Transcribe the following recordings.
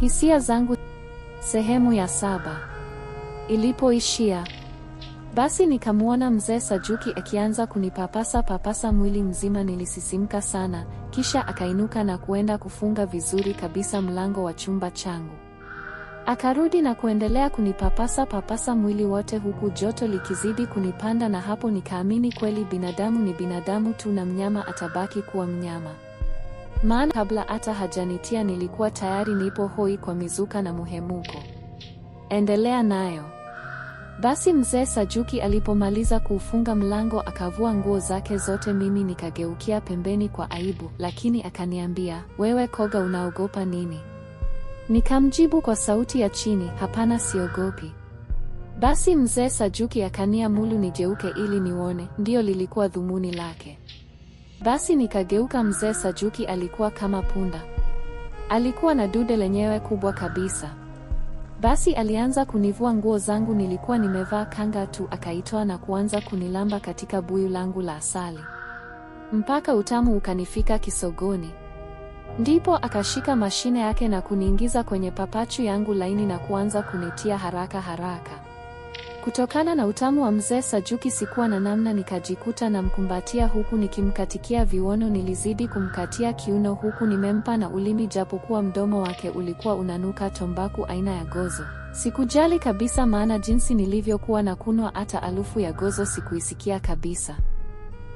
Hisia zangu sehemu ya saba. Ilipoishia basi nikamwona mzee Sajuki akianza kunipapasa papasa mwili mzima. Nilisisimka sana, kisha akainuka na kuenda kufunga vizuri kabisa mlango wa chumba changu. Akarudi na kuendelea kunipapasa papasa mwili wote, huku joto likizidi kunipanda, na hapo nikaamini kweli binadamu ni binadamu tu na mnyama atabaki kuwa mnyama maana kabla hata hajanitia nilikuwa tayari nipo hoi kwa mizuka na muhemuko. Endelea nayo. Basi mzee Sajuki alipomaliza kuufunga mlango akavua nguo zake zote, mimi nikageukia pembeni kwa aibu, lakini akaniambia, wewe koga, unaogopa nini? Nikamjibu kwa sauti ya chini, hapana, siogopi. Basi mzee Sajuki akaniamulu nigeuke ili nione, ndiyo lilikuwa dhumuni lake. Basi nikageuka. Mzee Sajuki alikuwa kama punda, alikuwa na dude lenyewe kubwa kabisa. Basi alianza kunivua nguo zangu, nilikuwa nimevaa kanga tu, akaitoa na kuanza kunilamba katika buyu langu la asali mpaka utamu ukanifika kisogoni. Ndipo akashika mashine yake na kuniingiza kwenye papachu yangu laini na kuanza kunitia haraka haraka. Kutokana na utamu wa mzee Sajuki sikuwa na namna, nikajikuta namkumbatia huku nikimkatikia viwono. Nilizidi kumkatia kiuno huku nimempa na ulimi, japokuwa mdomo wake ulikuwa unanuka tombaku aina ya gozo. Sikujali kabisa, maana jinsi nilivyokuwa na kunwa, hata harufu ya gozo sikuisikia kabisa.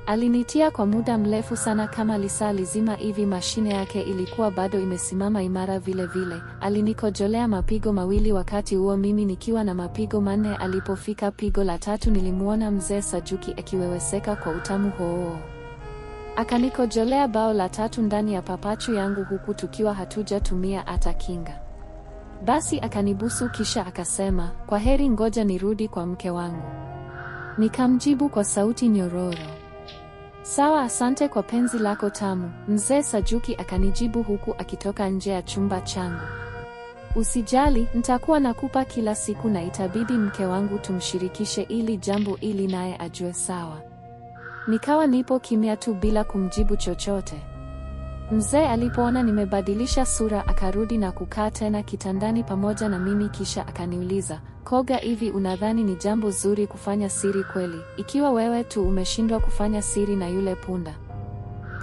Alinitia kwa muda mrefu sana kama lisaa lizima hivi, mashine yake ilikuwa bado imesimama imara vile vile. Alinikojolea mapigo mawili, wakati huo mimi nikiwa na mapigo manne. Alipofika pigo la tatu, nilimwona mzee Sajuki akiweweseka kwa utamu hoho. Akanikojolea bao la tatu ndani ya papachu yangu, huku tukiwa hatujatumia hata kinga. Basi akanibusu kisha akasema, kwa heri, ngoja nirudi kwa mke wangu. Nikamjibu kwa sauti nyororo. Sawa, asante kwa penzi lako tamu, mzee Sajuki akanijibu huku akitoka nje ya chumba changu. Usijali, nitakuwa nakupa kila siku na itabidi mke wangu tumshirikishe ili jambo ili naye ajue sawa. Nikawa nipo kimya tu bila kumjibu chochote. Mzee alipoona nimebadilisha sura akarudi na kukaa tena kitandani pamoja na mimi kisha akaniuliza, Koga hivi unadhani ni jambo zuri kufanya siri kweli? Ikiwa wewe tu umeshindwa kufanya siri na yule punda.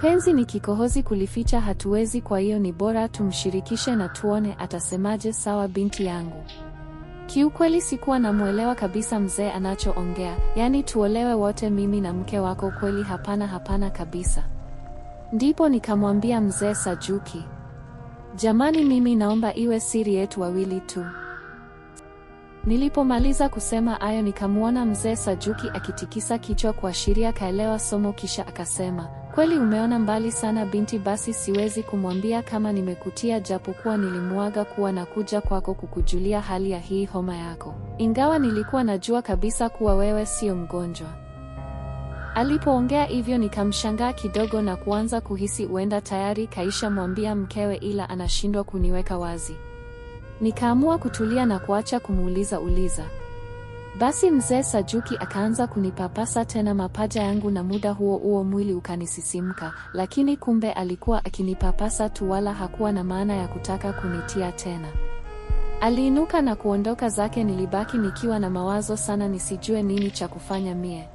Penzi ni kikohozi kulificha hatuwezi kwa hiyo ni bora tumshirikishe na tuone atasemaje sawa binti yangu. Kiukweli sikuwa namwelewa kabisa mzee anachoongea, yaani tuolewe wote mimi na mke wako kweli hapana hapana kabisa. Ndipo nikamwambia mzee Sajuki, jamani, mimi naomba iwe siri yetu wawili tu. Nilipomaliza kusema hayo, nikamwona mzee Sajuki akitikisa kichwa kuashiria kaelewa somo, kisha akasema, kweli umeona mbali sana binti, basi siwezi kumwambia kama nimekutia, japokuwa nilimwaga kuwa na kuja kwako kukujulia hali ya hii homa yako, ingawa nilikuwa najua kabisa kuwa wewe sio mgonjwa. Alipoongea hivyo nikamshangaa kidogo na kuanza kuhisi huenda tayari kaisha mwambia mkewe ila anashindwa kuniweka wazi. Nikaamua kutulia na kuacha kumuuliza uliza. Basi mzee Sajuki akaanza kunipapasa tena mapaja yangu na muda huo huo mwili ukanisisimka, lakini kumbe alikuwa akinipapasa tu wala hakuwa na maana ya kutaka kunitia tena. Aliinuka na kuondoka zake nilibaki nikiwa na mawazo sana nisijue nini cha kufanya mie.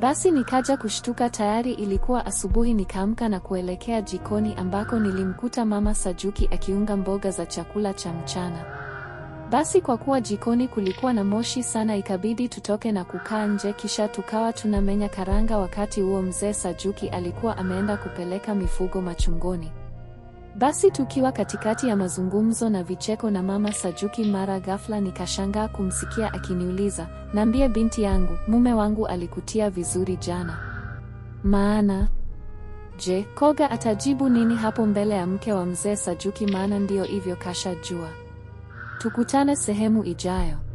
Basi nikaja kushtuka, tayari ilikuwa asubuhi. Nikaamka na kuelekea jikoni ambako nilimkuta mama Sajuki akiunga mboga za chakula cha mchana. Basi kwa kuwa jikoni kulikuwa na moshi sana, ikabidi tutoke na kukaa nje, kisha tukawa tunamenya karanga. Wakati huo mzee Sajuki alikuwa ameenda kupeleka mifugo machungoni. Basi tukiwa katikati ya mazungumzo na vicheko na Mama Sajuki, mara ghafla nikashangaa kumsikia akiniuliza, nambie binti yangu, mume wangu alikutia vizuri jana. Maana je, Koga atajibu nini hapo mbele ya mke wa mzee Sajuki? Maana ndiyo hivyo, kashajua." Tukutane sehemu ijayo.